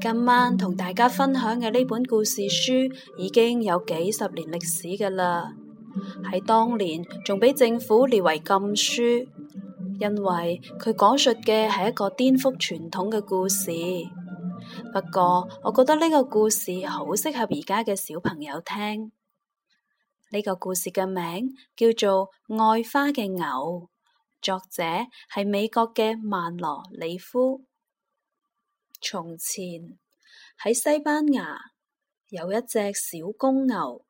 今晚同大家分享嘅呢本故事書已經有幾十年歷史嘅啦，喺當年仲俾政府列為禁書，因為佢講述嘅係一個顛覆傳統嘅故事。不過，我覺得呢個故事好適合而家嘅小朋友聽。呢個故事嘅名叫做《愛花嘅牛》，作者係美國嘅曼羅里夫。從前喺西班牙有一隻小公牛，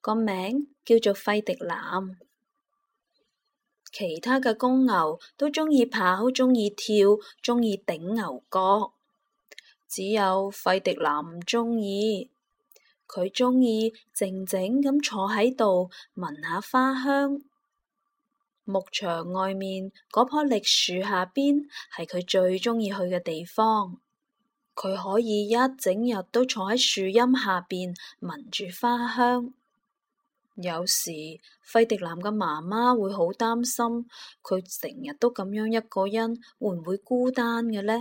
個名叫做費迪南。其他嘅公牛都鍾意跑，鍾意跳，鍾意頂牛角，只有費迪南唔鍾意。佢鍾意靜靜咁坐喺度聞下花香。牧場外面嗰棵栗樹下邊係佢最鍾意去嘅地方。佢可以一整日都坐喺樹蔭下邊聞住花香。有時費迪南嘅媽媽會好擔心，佢成日都咁樣一個人，會唔會孤單嘅呢？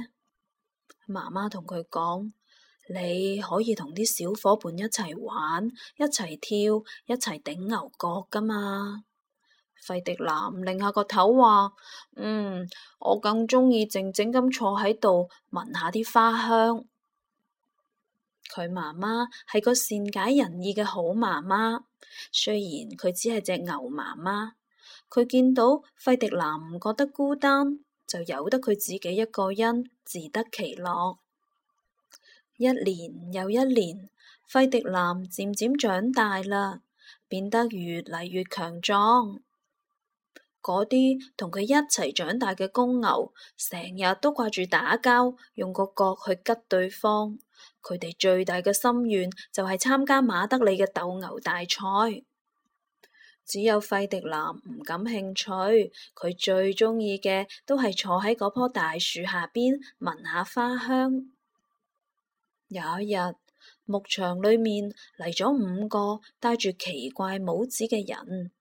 媽媽同佢講：你可以同啲小伙伴一齊玩，一齊跳，一齊頂牛角噶嘛。費迪南擰下個頭，話：嗯，我更鍾意靜靜咁坐喺度聞下啲花香。佢媽媽係個善解人意嘅好媽媽，雖然佢只係隻牛媽媽，佢見到費迪南唔覺得孤單，就由得佢自己一個人自得其樂。一年又一年，費迪南漸漸長大啦，變得越嚟越強壯。嗰啲同佢一齊長大嘅公牛，成日都掛住打交，用個角去吉對方。佢哋最大嘅心願就係參加馬德里嘅鬥牛大賽。只有費迪南唔感興趣，佢最鍾意嘅都係坐喺嗰棵大樹下邊聞下花香。有一日，牧場裏面嚟咗五個戴住奇怪帽子嘅人。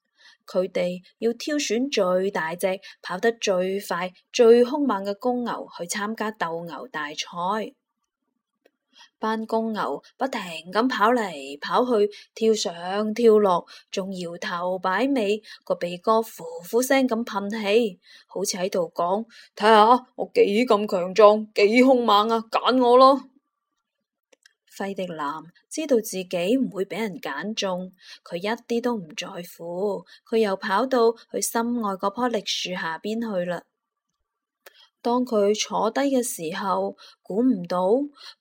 佢哋要挑選最大隻、跑得最快、最凶猛嘅公牛去參加鬥牛大賽。班公牛不停咁跑嚟跑去，跳上跳落，仲搖頭擺尾，個鼻哥呼呼聲咁噴氣，好似喺度講：睇下我幾咁強壯，幾凶猛啊！揀我咯。費迪南知道自己唔會俾人揀中，佢一啲都唔在乎，佢又跑到佢心愛嗰棵栗樹下邊去啦。當佢坐低嘅時候，估唔到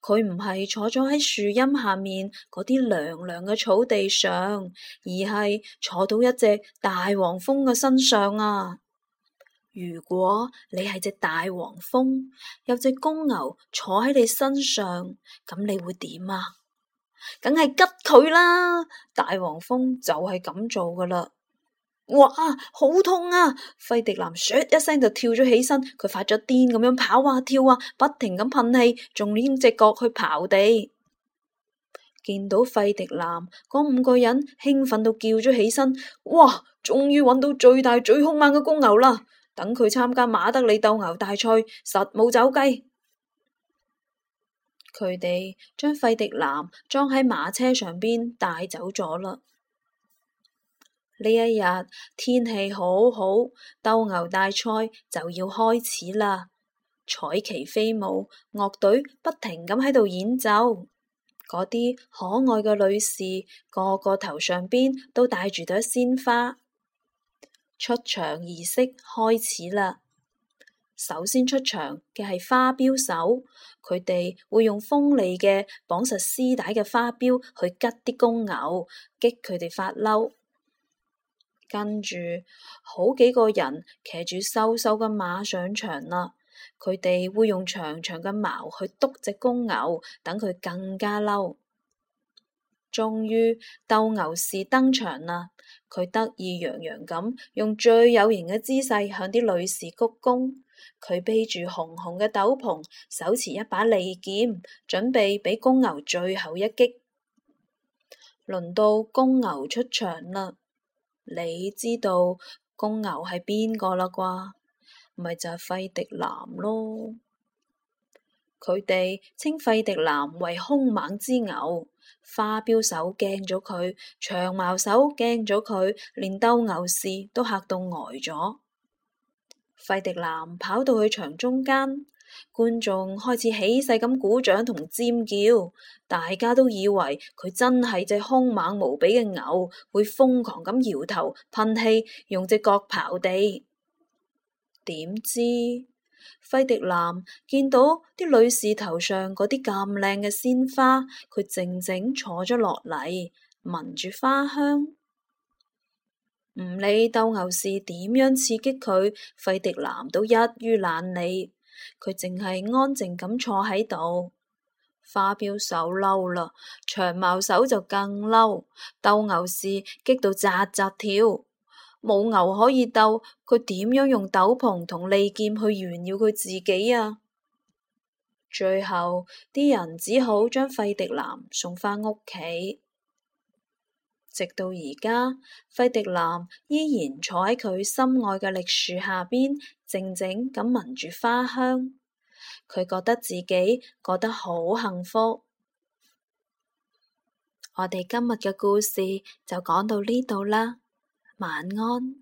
佢唔係坐咗喺樹蔭下面嗰啲涼涼嘅草地上，而係坐到一隻大黃蜂嘅身上啊！如果你係隻大黃蜂，有隻公牛坐喺你身上，咁你會點啊？梗係吉佢啦！大黃蜂就係咁做噶啦！哇，好痛啊！費迪南咻一聲就跳咗起身，佢發咗癲咁樣跑啊跳啊，不停咁噴氣，仲拎隻角去刨地。見到費迪南，嗰五個人興奮到叫咗起身。哇！終於揾到最大最凶猛嘅公牛啦！等佢參加馬德里鬥牛大賽，實冇走雞。佢哋將費迪南裝喺馬車上邊帶走咗啦。呢一日天氣好好，鬥牛大賽就要開始啦。彩旗飛舞，樂隊不停咁喺度演奏。嗰啲可愛嘅女士個個頭上邊都戴住朵鮮花。出場儀式開始啦！首先出場嘅係花鏢手，佢哋會用鋒利嘅綁實絲帶嘅花鏢去吉啲公牛，激佢哋發嬲。跟住，好幾個人騎住瘦瘦嘅馬上場啦，佢哋會用長長嘅矛去督隻公牛，等佢更加嬲。終於鬥牛士登場啦！佢得意洋洋咁，用最有型嘅姿勢向啲女士鞠躬。佢披住紅紅嘅斗篷，手持一把利劍，準備俾公牛最後一擊。輪到公牛出場啦！你知道公牛係邊個啦啩？咪就係費迪南咯。佢哋稱費迪南為兇猛之牛。花鏢手驚咗佢，長矛手驚咗佢，連鬥牛士都嚇到呆咗。費迪南跑到去場中間，觀眾開始起勢咁鼓掌同尖叫，大家都以為佢真係隻兇猛無比嘅牛，會瘋狂咁搖頭噴氣，用隻角刨地，點知？費迪南見到啲女士頭上嗰啲咁靚嘅鮮花，佢靜靜坐咗落嚟，聞住花香，唔理鬥牛士點樣刺激佢，費迪南都一於懶理，佢淨係安靜咁坐喺度。花鏢手嬲啦，長矛手就更嬲，鬥牛士激到扎扎跳。冇牛可以鬥，佢點樣用斗篷同利劍去炫耀佢自己啊？最後啲人只好將費迪南送返屋企。直到而家，費迪南依然坐喺佢心愛嘅栗樹下邊，靜靜咁聞住花香。佢覺得自己過得好幸福。我哋今日嘅故事就講到呢度啦。晚安。